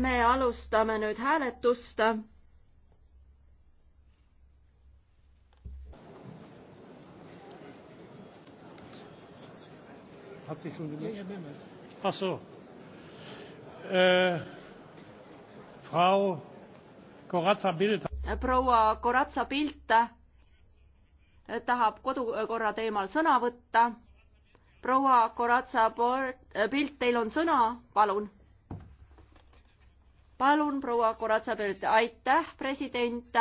me alustame nüüd hääletust. Ach so. Äh, Frau Corazza Bild. proua Corazza Bild tahab kodukorra teemal sõna võtta. proua Corazza Bild, teil on sõna, palun palun, proua Koratsapilt, aitäh, president.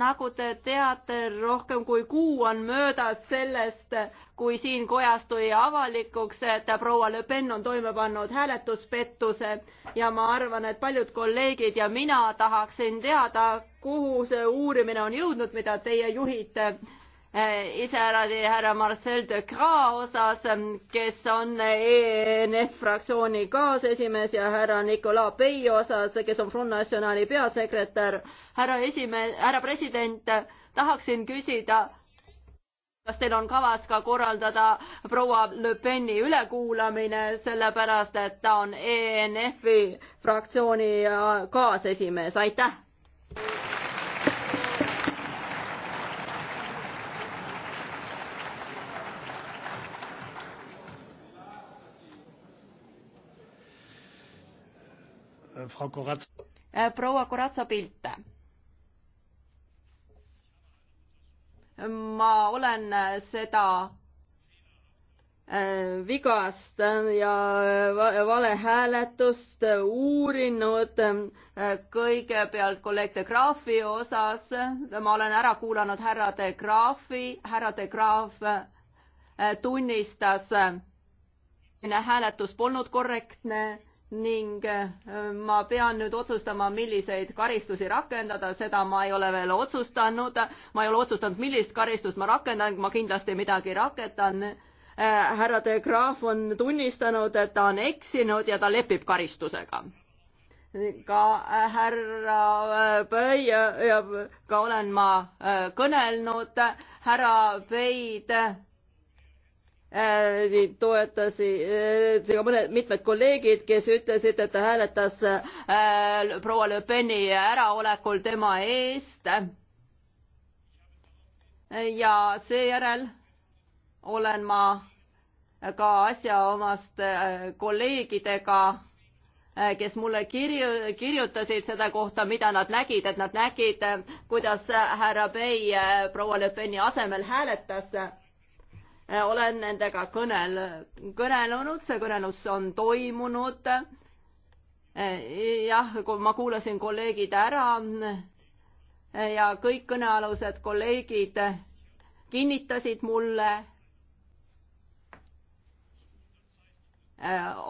nagu te teate, rohkem kui kuu on möödas sellest, kui siin kojas tuli avalikuks, et proua Le Pen on toime pannud hääletuspettuse ja ma arvan, et paljud kolleegid ja mina tahaksin teada, kuhu see uurimine on jõudnud, mida teie juhite Äh, iseäradi härra Marcel de Cra osas, ähm, kes on ENF fraktsiooni kaasesimees ja härra Nicolas Pei osas, kes on Front Nationali peasekretär. härra esimees, härra president, tahaksin küsida, kas teil on kavas ka korraldada proua Le Peni ülekuulamine, sellepärast et ta on ENF-i fraktsiooni äh, kaasesimees, aitäh! Äh, proua Koratsa pilt. ma olen äh, seda äh, vigast ja valehääletust uurinud kõigepealt kolleeg de Graafi osas. ma olen ära kuulanud härra de Graafi, härra de Graaf tunnistas, hääletus polnud korrektne ning äh, ma pean nüüd otsustama, milliseid karistusi rakendada, seda ma ei ole veel otsustanud. ma ei ole otsustanud, millist karistust ma rakendan, ma kindlasti midagi rakendan. Äh, härra de Graaf on tunnistanud, et ta on eksinud ja ta lepib karistusega. ka äh, härra Pöi ja ka olen ma kõnelnud, härra Pöid Äh, toetasid ka äh, mõned, mitmed kolleegid, kes ütlesid, et ta hääletas äh, proua Le Peni äraolekul tema eest. ja seejärel olen ma ka asjaomaste kolleegidega kes mulle kirju-, kirjutasid selle kohta, mida nad nägid, et nad nägid, kuidas härra Bey proua Le Peni asemel hääletas Äh, olen nendega kõnel, kõnelenud, see kõnelus on toimunud. Äh, jah, kui ma kuulasin kolleegid ära äh, ja kõik kõnealused kolleegid kinnitasid mulle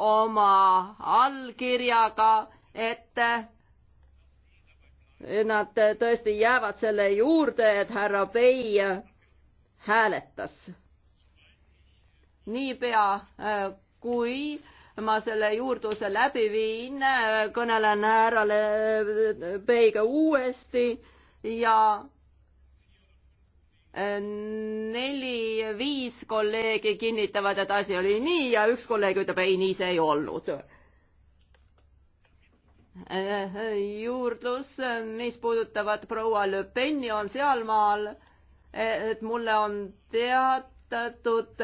oma allkirjaga, et nad tõesti jäävad selle juurde, et härra Bey hääletas niipea äh, kui ma selle juurdluse läbi viin, äh, kõnelen härrale äh, Peiga uuesti ja neli-viis kolleegi kinnitavad, et asi oli nii ja üks kolleeg ütleb ei, nii see ei olnud. juurdlus, mis puudutavad proua Le Peni, on sealmaal, et mulle on teatatud,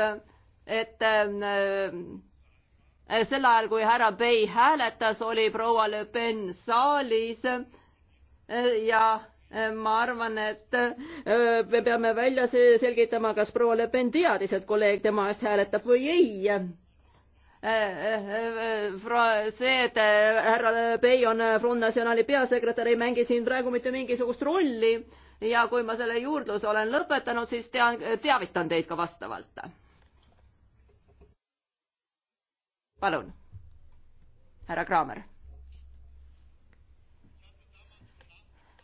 et ähm, äh, sel ajal, kui härra Bey hääletas, oli proua Le Pen saalis ja äh, ma arvan, et äh, me peame välja selgitama, kas proua Le Pen teadis, et kolleeg tema eest hääletab või ei. see, et härra Bey on Front Nationali peasekretär, ei mängi siin praegu mitte mingisugust rolli ja kui ma selle juurdluse olen lõpetanud, siis tean, teavitan teid ka vastavalt palun, härra Kraamer.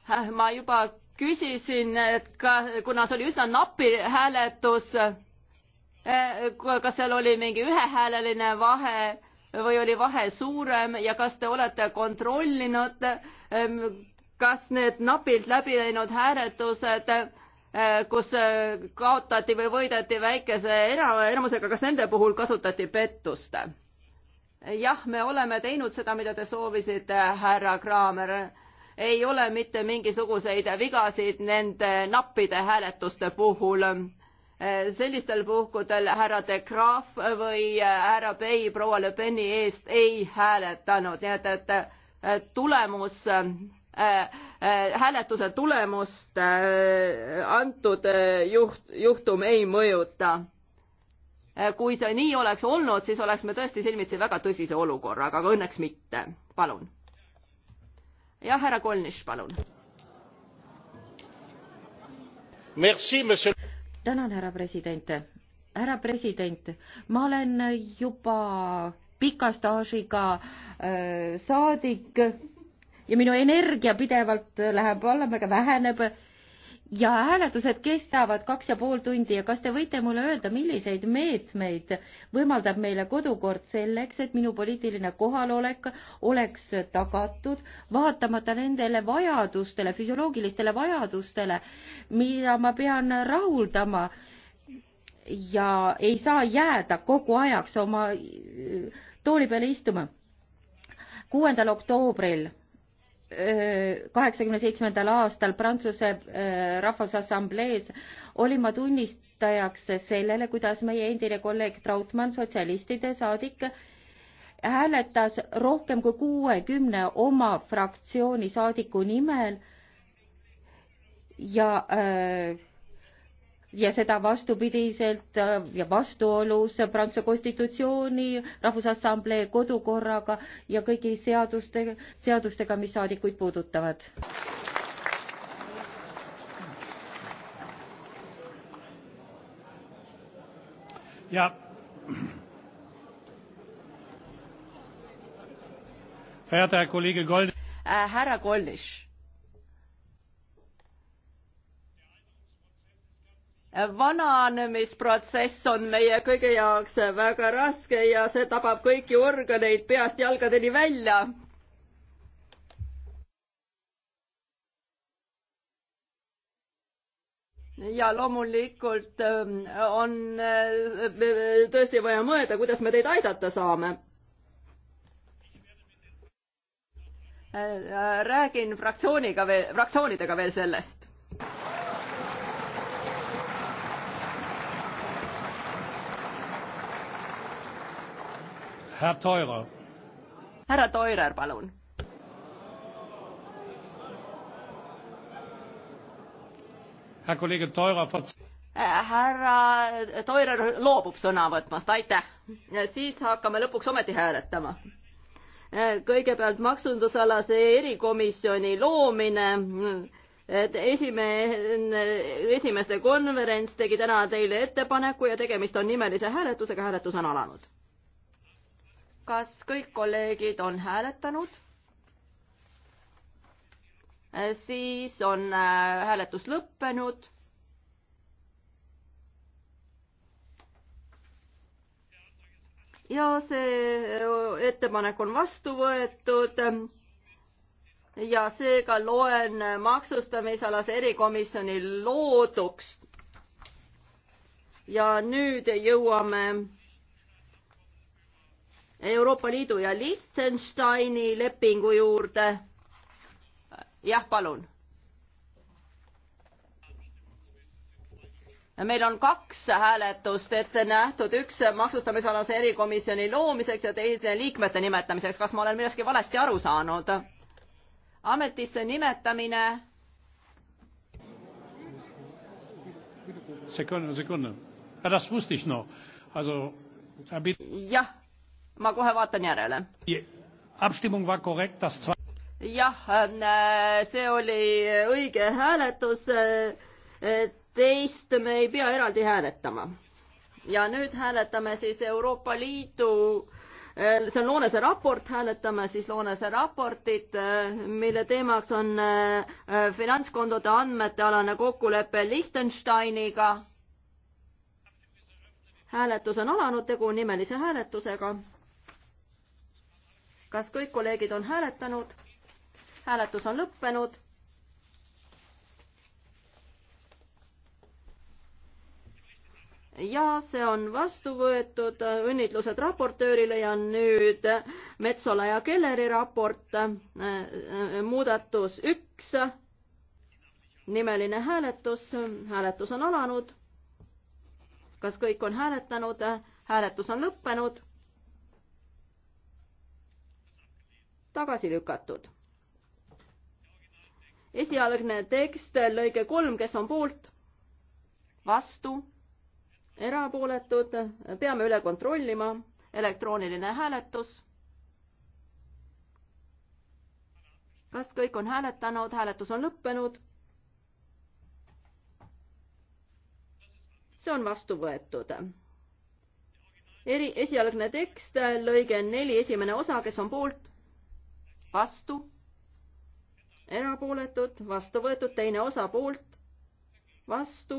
Äh, ma juba küsisin, et ka, kuna see oli üsna napi hääletus, äh, kas seal oli mingi ühehääleline vahe või oli vahe suurem ja kas te olete kontrollinud, ähm, kas need napilt läbi läinud hääletused, äh, kus kaotati või võideti väikese enamusega, kas nende puhul kasutati pettust? jah, me oleme teinud seda, mida te soovisite, härra Kraamer. ei ole mitte mingisuguseid vigasid nende nappide hääletuste puhul. sellistel puhkudel härra de Graaf või härra Bey proua Le Peni eest ei hääletanud, nii et, et tulemus äh, hääletuse tulemust äh, antud äh, juht, juhtum ei mõjuta Äh, kui see nii oleks olnud, siis oleks me tõesti silmitsi väga tõsise olukorraga, aga õnneks mitte. palun. jah, härra Kolniš, palun. tänan, härra president. härra president, ma olen juba pika staažiga äh, saadik ja minu energia pidevalt läheb allamäge, väheneb ja hääletused kestavad kaks ja pool tundi ja kas te võite mulle öelda, milliseid meetmeid võimaldab meile kodukord selleks, et minu poliitiline kohalolek oleks tagatud, vaatamata nendele vajadustele, füsioloogilistele vajadustele, mida ma pean rahuldama ja ei saa jääda kogu ajaks oma tooli peale istuma. kuuendal oktoobril kaheksakümne seitsmendal aastal Prantsuse äh, Rahvusassamblees olin ma tunnistajaks sellele, kuidas meie endine kolleeg Trautmann, sotsialistide saadik, hääletas rohkem kui kuuekümne oma fraktsiooni saadiku nimel ja äh, ja seda vastupidiselt äh, ja vastuolus Prantsuse konstitutsiooni, Rahvusassamblee kodukorraga ja kõigi seaduste, seadustega, mis saadikuid puudutavad. ja härra kolleeg Gold- äh,. härra Kolnis vananemisprotsess on meie kõigi jaoks väga raske ja see tabab kõiki organeid peast jalgadeni välja. ja loomulikult ähm, on äh, tõesti vaja mõelda, kuidas me teid aidata saame. Äh, räägin fraktsiooniga veel, fraktsioonidega veel sellest härra Teurer. härra Teurer, palun. Äh, härra kolleeg Teurer härra Toirer loobub sõna võtmast, aitäh. siis hakkame lõpuks ometi hääletama. Äh, kõigepealt maksundusalase erikomisjoni loomine. et esime-, esimeste konverents tegi täna teile ettepaneku ja tegemist on nimelise hääletusega, hääletus on alanud kas kõik kolleegid on hääletanud? Äh, siis on äh, hääletus lõppenud. ja see äh, ettepanek on vastu võetud ja seega loen maksustamisalase erikomisjoni looduks. ja nüüd jõuame Euroopa Liidu ja Liechtensteini lepingu juurde. jah, palun. meil on kaks hääletust ette nähtud, üks maksustamisalase erikomisjoni loomiseks ja teine liikmete nimetamiseks. kas ma olen millestki valesti aru saanud? ametisse nimetamine. sekund, sekund. Das wusste ich noch. Also, jah ma kohe vaatan järele. jah, äh, see oli õige hääletus. Äh, teist me ei pea eraldi hääletama. ja nüüd hääletame siis Euroopa Liidu äh, see on Loonese raport, hääletame siis Loonese raportit, mille teemaks on finantskontode andmete alane kokkulepe Liechtensteiniga. hääletus on alanud, tegu on nimelise hääletusega kas kõik kolleegid on hääletanud? hääletus on lõppenud. ja see on vastu võetud, õnnitlused raportöörile ja nüüd Metsola ja Kelleri raport, muudatus üks, nimeline hääletus, hääletus on alanud. kas kõik on hääletanud? hääletus on lõppenud tagasi lükatud. esialgne tekst, lõige kolm, kes on poolt, vastu, erapooletud, peame üle kontrollima, elektrooniline hääletus. kas kõik on hääletanud, hääletus on lõppenud? see on vastu võetud eri, esialgne tekst, lõige neli, esimene osa, kes on poolt, vastu, erapooletud, vastu võetud, teine osa poolt, vastu,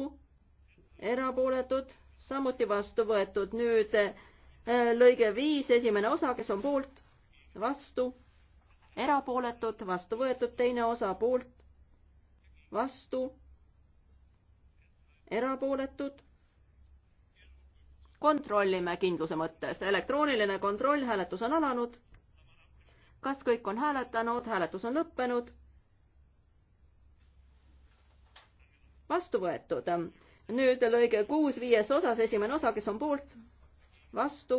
erapooletud, samuti vastu võetud. nüüd äh, lõige viis, esimene osa, kes on poolt, vastu, erapooletud, vastu võetud, teine osa poolt, vastu, erapooletud kontrollime kindluse mõttes. elektrooniline kontrollhääletus on alanud kas kõik on hääletanud, hääletus on lõppenud? vastu võetud. nüüd lõige kuus viies osas, esimene osa, kes on poolt, vastu,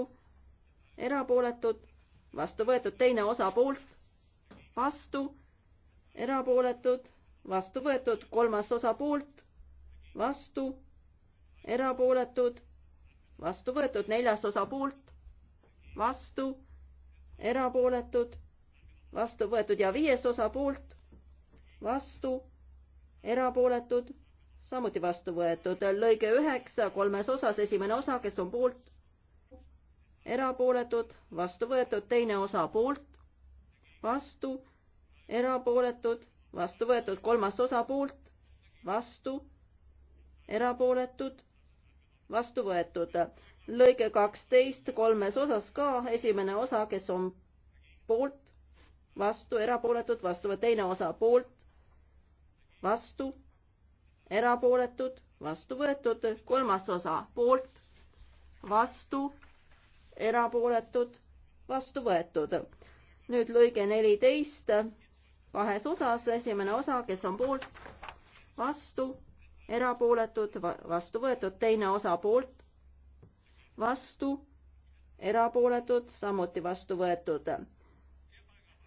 erapooletud, vastu võetud, teine osa poolt, vastu, erapooletud, vastu võetud, kolmas osa poolt, vastu, erapooletud, vastu võetud, neljas osa poolt, vastu, erapooletud vastu võetud ja viies osa poolt, vastu, erapooletud, samuti vastu võetud. lõige üheksa, kolmes osas, esimene osa, kes on poolt, erapooletud, vastu võetud, teine osa poolt, vastu, erapooletud, vastu võetud, kolmas osa poolt, vastu, erapooletud, vastu võetud. lõige kaksteist, kolmes osas ka, esimene osa, kes on poolt, vastu, erapooletud, vastu võetud, teine osa poolt, vastu, erapooletud, vastu võetud, kolmas osa poolt, vastu, erapooletud, vastu võetud. nüüd lõige neliteist kahes osas, esimene osa, kes on poolt, vastu, erapooletud, vastu võetud, teine osa poolt, vastu, erapooletud, samuti vastu võetud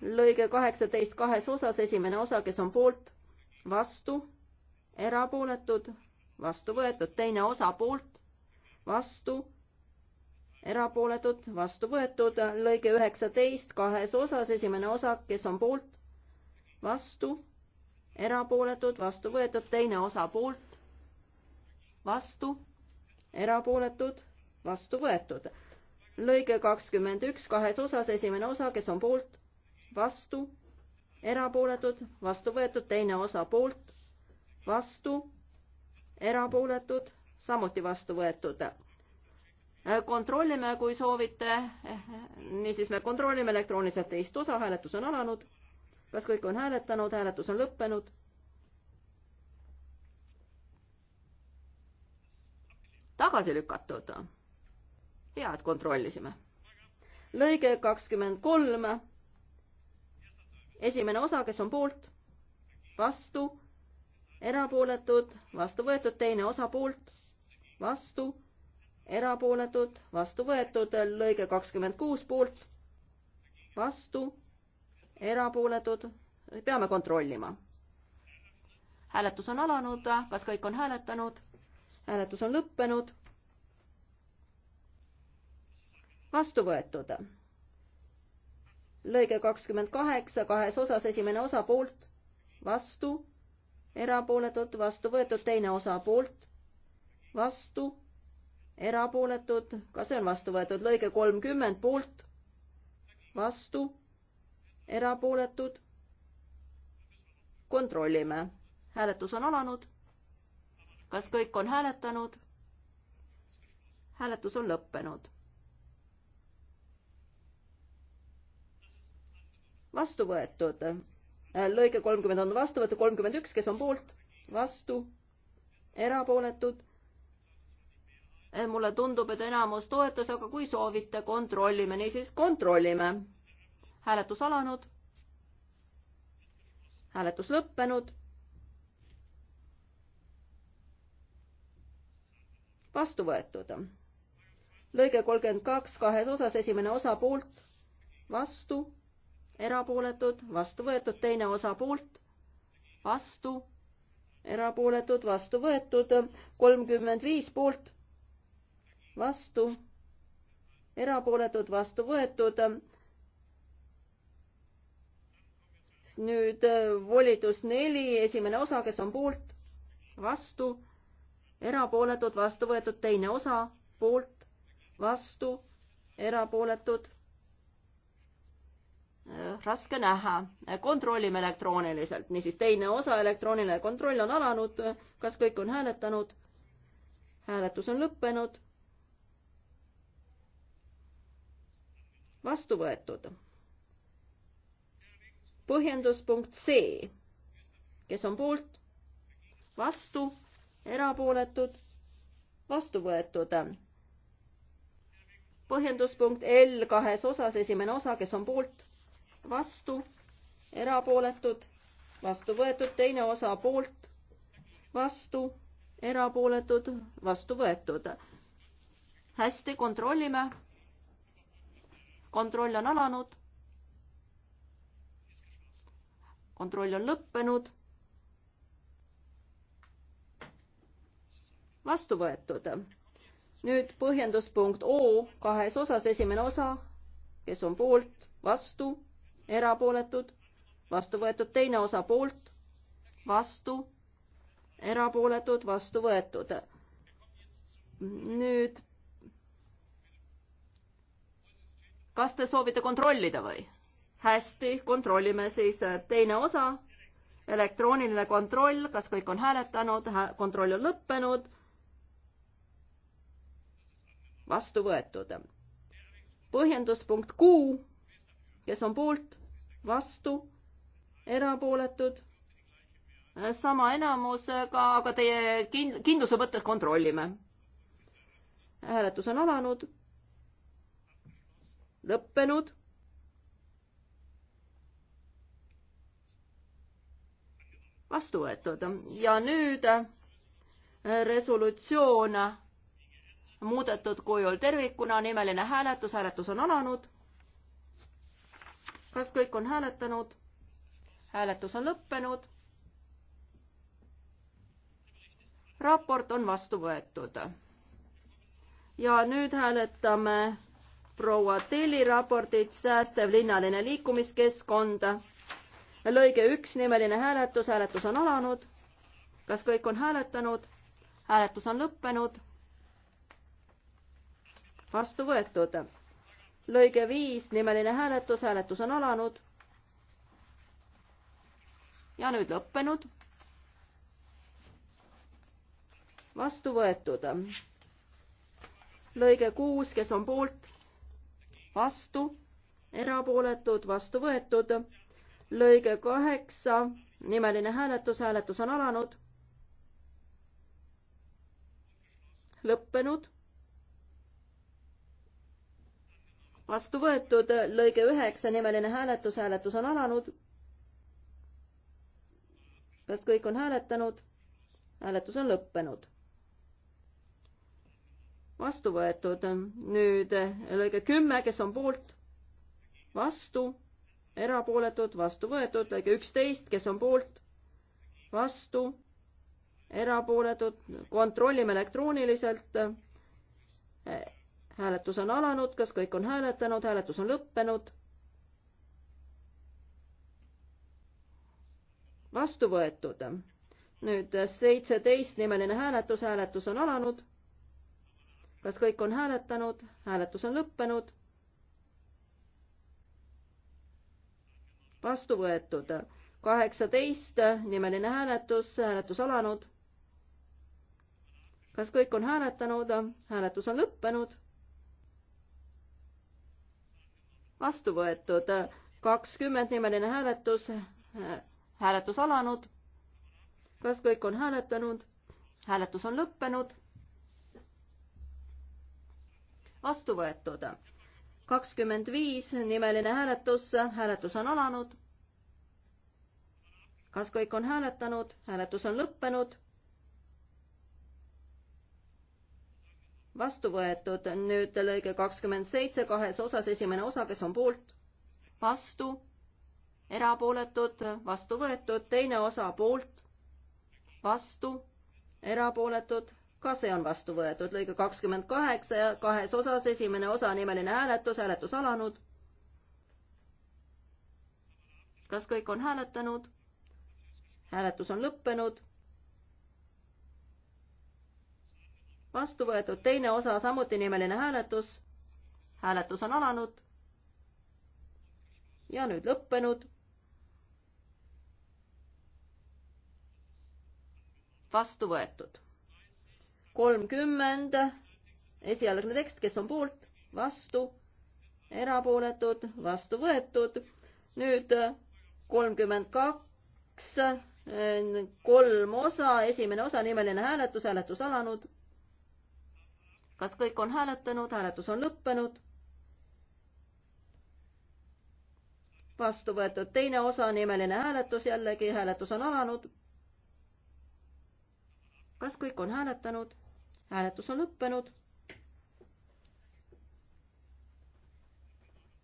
lõige kaheksateist kahes osas, esimene osa, kes on poolt, vastu, erapooletud, vastu võetud, teine osa poolt, vastu, erapooletud, vastu võetud, lõige üheksateist kahes osas, esimene osa, kes on poolt, vastu, erapooletud, vastu võetud, teine osa poolt, vastu, erapooletud, vastu võetud. lõige kakskümmend üks kahes osas, esimene osa, kes on poolt vastu, erapooletud, vastu võetud, teine osa poolt, vastu, erapooletud, samuti vastu võetud. Äh, kontrollime, kui soovite. Äh, niisiis, me kontrollime elektrooniliselt teist osa, hääletus on alanud. kas kõik on hääletanud, hääletus on lõppenud? tagasi lükatud. hea, et kontrollisime. lõige kakskümmend kolm esimene osa, kes on poolt, vastu, erapooletud, vastu võetud, teine osa poolt, vastu, erapooletud, vastu võetud, lõige kakskümmend kuus poolt, vastu, erapooletud, peame kontrollima. hääletus on alanud, kas kõik on hääletanud? hääletus on lõppenud. vastu võetud lõige kakskümmend kaheksa kahes osas, esimene osa poolt, vastu, erapooletud, vastu võetud, teine osa poolt, vastu, erapooletud, ka see on vastu võetud, lõige kolmkümmend poolt, vastu, erapooletud. kontrollime, hääletus on alanud. kas kõik on hääletanud? hääletus on lõppenud vastu võetud. lõige kolmkümmend on vastu võetud, kolmkümmend üks, kes on poolt, vastu, erapooletud. mulle tundub, et enamus toetas, aga kui soovite, kontrollime, niisiis kontrollime. hääletus alanud. hääletus lõppenud. vastu võetud. lõige kolmkümmend kaks kahes osas, esimene osa poolt, vastu erapooletud, vastu võetud, teine osa poolt, vastu, erapooletud, vastu võetud, kolmkümmend viis poolt, vastu, erapooletud, vastu võetud. nüüd äh, volitus neli, esimene osa, kes on poolt, vastu, erapooletud, vastu võetud, teine osa, poolt, vastu, erapooletud raske näha. kontrollime elektrooniliselt, niisiis teine osa, elektrooniline kontroll on alanud. kas kõik on hääletanud? hääletus on lõppenud. vastu võetud. põhjendus punkt C. kes on poolt? vastu, erapooletud, vastu võetud põhjenduspunkt L kahes osas, esimene osa, kes on poolt, vastu, erapooletud, vastu võetud, teine osa poolt, vastu, erapooletud, vastu võetud. hästi, kontrollime. kontroll on alanud. kontroll on lõppenud. vastu võetud. nüüd põhjenduspunkt O kahes osas, esimene osa, kes on poolt, vastu erapooletud, vastu võetud, teine osa poolt, vastu, erapooletud, vastu võetud. nüüd. kas te soovite kontrollida või? hästi, kontrollime siis teine osa. elektrooniline kontroll, kas kõik on hääletanud, kontroll on lõppenud. vastu võetud. põhjendus punkt kuu, kes on poolt, vastu, erapooletud, äh, sama enamusega, aga teie kin-, kindluse mõttes kontrollime. hääletus on alanud, lõppenud vastu võetud ja nüüd äh, resolutsioon muudetud kujul tervikuna, nimeline hääletus, hääletus on alanud kas kõik on hääletanud? hääletus on lõppenud. raport on vastu võetud. ja nüüd hääletame proua Telli raportit Säästev linnaline liikumiskeskkond. lõige üks nimeline hääletus, hääletus on alanud. kas kõik on hääletanud? hääletus on lõppenud. vastu võetud lõige viis, nimeline hääletus, hääletus on alanud. ja nüüd lõppenud. vastu võetud. lõige kuus, kes on poolt, vastu, erapooletud, vastu võetud. lõige kaheksa, nimeline hääletus, hääletus on alanud. lõppenud vastu võetud, lõige üheksa nimeline hääletus, hääletus on alanud. kas kõik on hääletanud? hääletus on lõppenud. vastu võetud, nüüd lõige kümme, kes on poolt, vastu, erapooletud, vastu võetud, lõige üksteist, kes on poolt, vastu, erapooletud, kontrollime elektrooniliselt hääletus on alanud, kas kõik on hääletanud, hääletus on lõppenud. vastu võetud. nüüd seitseteist nimeline hääletus, hääletus on alanud. kas kõik on hääletanud, hääletus on lõppenud. vastu võetud. kaheksateist nimeline hääletus, hääletus alanud. kas kõik on hääletanud, hääletus on lõppenud vastu võetud. kakskümmend nimeline hääletus, hääletus alanud. kas kõik on hääletanud? hääletus on lõppenud. vastu võetud. kakskümmend viis nimeline hääletus, hääletus on alanud. kas kõik on hääletanud? hääletus on lõppenud vastu võetud, nüüd lõige kakskümmend seitse kahes osas, esimene osa, kes on poolt, vastu, erapooletud, vastu võetud, teine osa poolt, vastu, erapooletud, ka see on vastu võetud, lõige kakskümmend kaheksa ja kahes osas, esimene osa, nimeline hääletus, hääletus alanud. kas kõik on hääletanud? hääletus on lõppenud vastu võetud teine osa, samuti nimeline hääletus. hääletus on alanud. ja nüüd lõppenud. vastu võetud. kolmkümmend, esialgne tekst, kes on poolt, vastu, erapooletud, vastu võetud. nüüd kolmkümmend kaks, kolm osa, esimene osa, nimeline hääletus, hääletus alanud kas kõik on hääletanud, hääletus on lõppenud? vastu võetud teine osa, nimeline hääletus jällegi, hääletus on alanud. kas kõik on hääletanud? hääletus on lõppenud.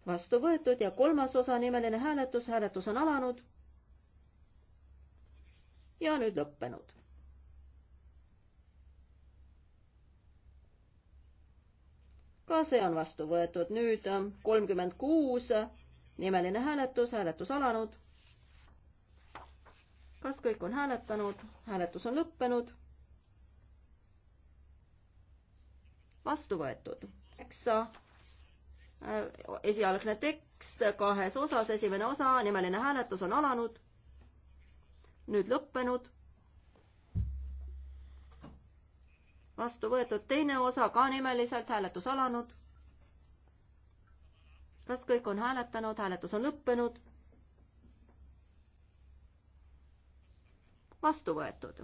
vastu võetud ja kolmas osa, nimeline hääletus, hääletus on alanud. ja nüüd lõppenud ka see on vastu võetud. nüüd ähm, kolmkümmend kuus, nimeline hääletus, hääletus alanud. kas kõik on hääletanud? hääletus on lõppenud. vastu võetud. üheksa, äh, esialgne tekst kahes osas, esimene osa, nimeline hääletus on alanud, nüüd lõppenud vastu võetud teine osa ka nimeliselt, hääletus alanud. kas kõik on hääletanud, hääletus on lõppenud? vastu võetud.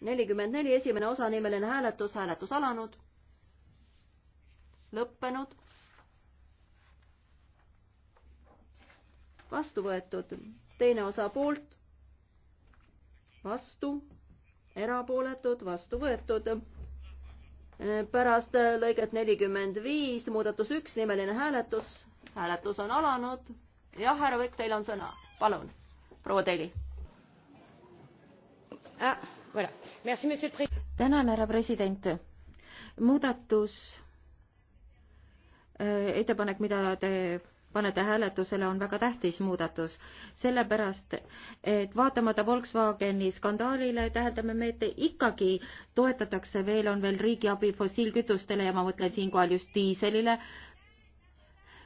nelikümmend neli, esimene osa nimeline hääletus, hääletus alanud. lõppenud. vastu võetud, teine osa poolt, vastu erapooletud, vastu võetud. pärast lõiget nelikümmend viis, muudatus üks, nimeline hääletus. hääletus on alanud. jah, härra Võik, teil on sõna, palun, proua Teli ah,. Voilà. tänan, härra president. muudatus, äh, ettepanek, mida te panete hääletusele, on väga tähtis muudatus. sellepärast, et vaatamata Volkswageni skandaalile täheldame me, et ikkagi toetatakse veel, on veel riigiabi fossiilkütustele ja ma mõtlen siinkohal just diiselile,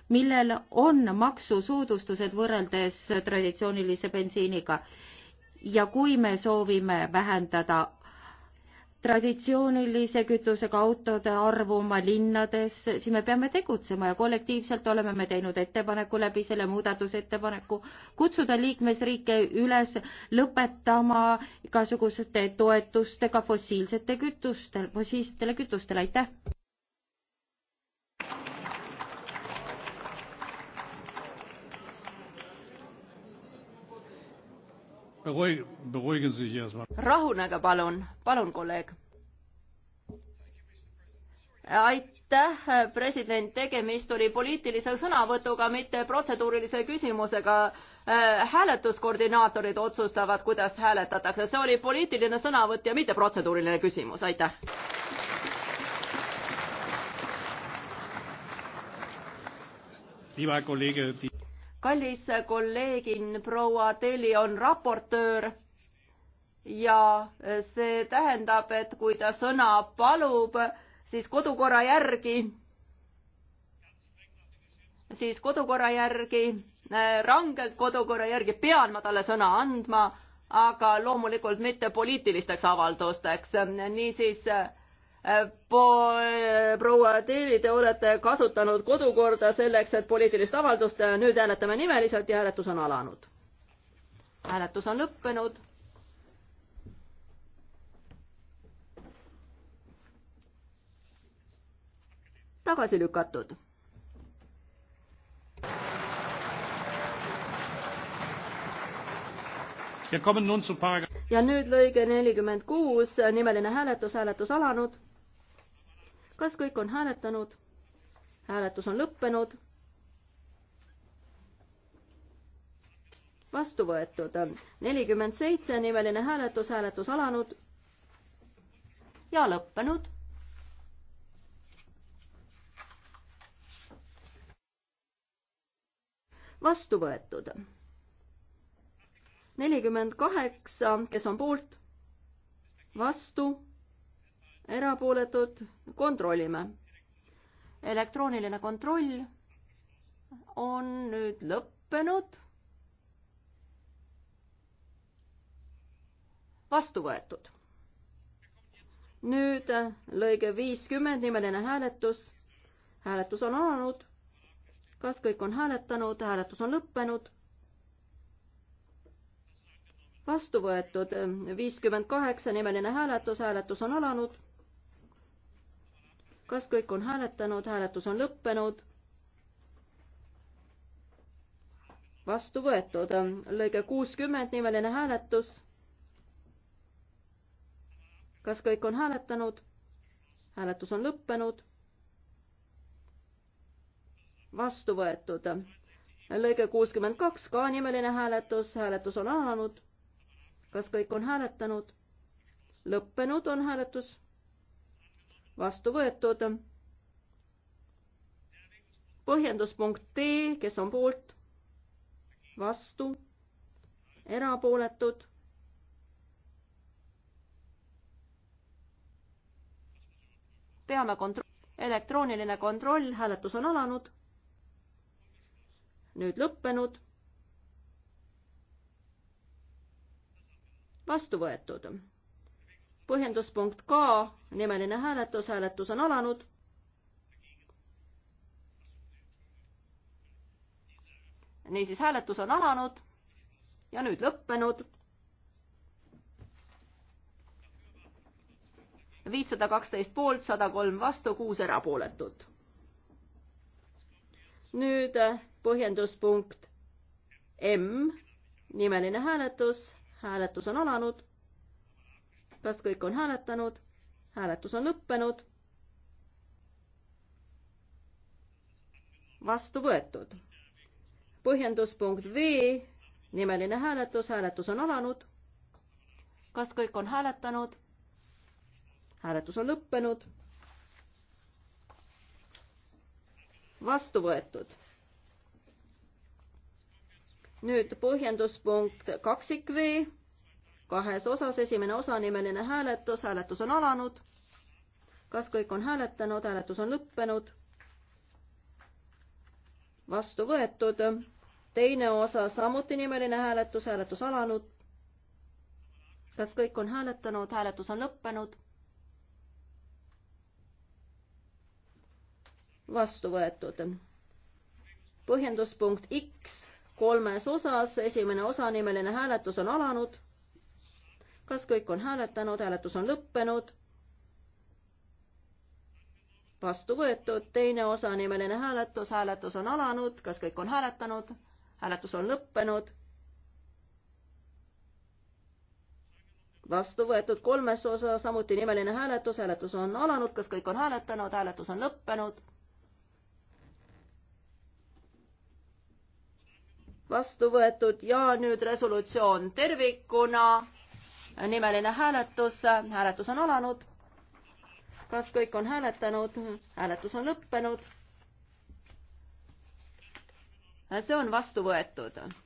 millel on maksusoodustused võrreldes traditsioonilise bensiiniga. ja kui me soovime vähendada traditsioonilise kütusega autode arvu oma linnades, siis me peame tegutsema ja kollektiivselt oleme me teinud ettepaneku läbi selle muudatusettepaneku kutsuda liikmesriike üles lõpetama igasuguste toetustega fossiilsete kütuste, fossiilsetele kütustele, aitäh! rahunege palun, palun, kolleeg. aitäh, president, tegemist oli poliitilise sõnavõtuga, mitte protseduurilise küsimusega. Äh, hääletuskoordinaatorid otsustavad, kuidas hääletatakse, see oli poliitiline sõnavõtt ja mitte protseduuriline küsimus, aitäh. Lieber Herr Kollege, die kallis kolleegin proua Teli on raportöör ja see tähendab, et kui ta sõna palub, siis kodukorra järgi, siis kodukorra järgi, rangelt kodukorra järgi pean ma talle sõna andma, aga loomulikult mitte poliitilisteks avaldusteks, niisiis äh, Äh, äh, proua Teeli, te olete kasutanud kodukorda selleks, et poliitilist avaldust teha, äh, nüüd hääletame nimeliselt ja hääletus on alanud. hääletus on lõppenud. tagasi lükatud ja nüüd lõige nelikümmend kuus, nimeline hääletus, hääletus alanud kas kõik on hääletanud? hääletus on lõppenud. vastu võetud nelikümmend seitse nimeline hääletus, hääletus alanud ja lõppenud vastu võetud. nelikümmend kaheksa, kes on poolt, vastu, erapooletud, kontrollime. elektrooniline kontroll on nüüd lõppenud. vastu võetud. nüüd äh, lõige viiskümmend, nimeline hääletus. hääletus on alanud. kas kõik on hääletanud, hääletus on lõppenud? vastu võetud äh, viiskümmend kaheksa nimeline hääletus, hääletus on alanud kas kõik on hääletanud, hääletus on lõppenud? vastu võetud, lõige kuuskümmend, nimeline hääletus. kas kõik on hääletanud? hääletus on lõppenud. vastu võetud, lõige kuuskümmend kaks, ka nimeline hääletus, hääletus on alanud. kas kõik on hääletanud? lõppenud on hääletus vastu võetud. põhjenduspunkt D, kes on poolt, vastu, erapooletud. peame kontro-, elektrooniline kontroll, hääletus on alanud, nüüd lõppenud vastu võetud põhjenduspunkt K, nimeline hääletus, hääletus on alanud. niisiis, hääletus on alanud ja nüüd lõppenud. viissada kaksteist poolt, sada kolm vastu, kuus erapooletut. nüüd äh, põhjenduspunkt M, nimeline hääletus, hääletus on alanud kas kõik on hääletanud? hääletus on lõppenud. vastu võetud. põhjenduspunkt V, nimeline hääletus, hääletus on alanud. kas kõik on hääletanud? hääletus on lõppenud. vastu võetud nüüd põhjenduspunkt kaksik V, kahes osas, esimene osa, nimeline hääletus, hääletus on alanud. kas kõik on hääletanud, hääletus on lõppenud? vastu võetud, teine osa samuti nimeline hääletus, hääletus alanud. kas kõik on hääletanud, hääletus on lõppenud? vastu võetud. põhjenduspunkt X kolmes osas, esimene osanimeline hääletus on alanud kas kõik on hääletanud, hääletus on lõppenud? vastu võetud, teine osa nimeline hääletus, hääletus on alanud, kas kõik on hääletanud? hääletus on lõppenud. vastu võetud kolmes osa, samuti nimeline hääletus, hääletus on alanud, kas kõik on hääletanud, hääletus on lõppenud. vastu võetud ja nüüd resolutsioon tervikuna nimeline hääletus, hääletus on alanud. kas kõik on hääletanud? hääletus on lõppenud. see on vastu võetud.